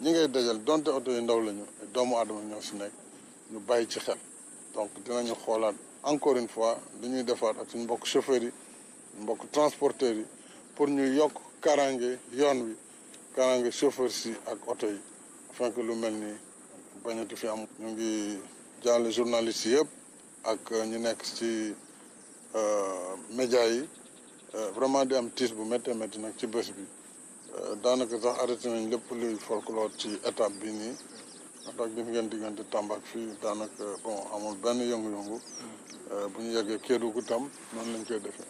ñu ngi dajal donte oto yu ndaw lañu doomu aadama ñoo si nekk ñu bàyyi ci xel donc ñu xoolaat encore une fois dañuy ñuy defaat ak suñu mbokk chauffeurs yi mbokk transporteurs yi pour ñu yokk karange yoon wi karange chauffeur si ak oto yi afin lu mel ni bañati fi am ñu ngi jàll journalistes yi yëpp ak ñu nekk ci euh, média yi euh, vraiment di am tiis bu méttee métti nag ci bés bi daanaka sax arrêté nañ lépp luy folklore ci étape bi nii ndax gis ngeen diggante Tamba ak fii daanaka bon amul benn yongu yëngu mm. euh, bu ñu yeggee Kédougou tam noonu lañ koy defee